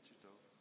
opravičitev.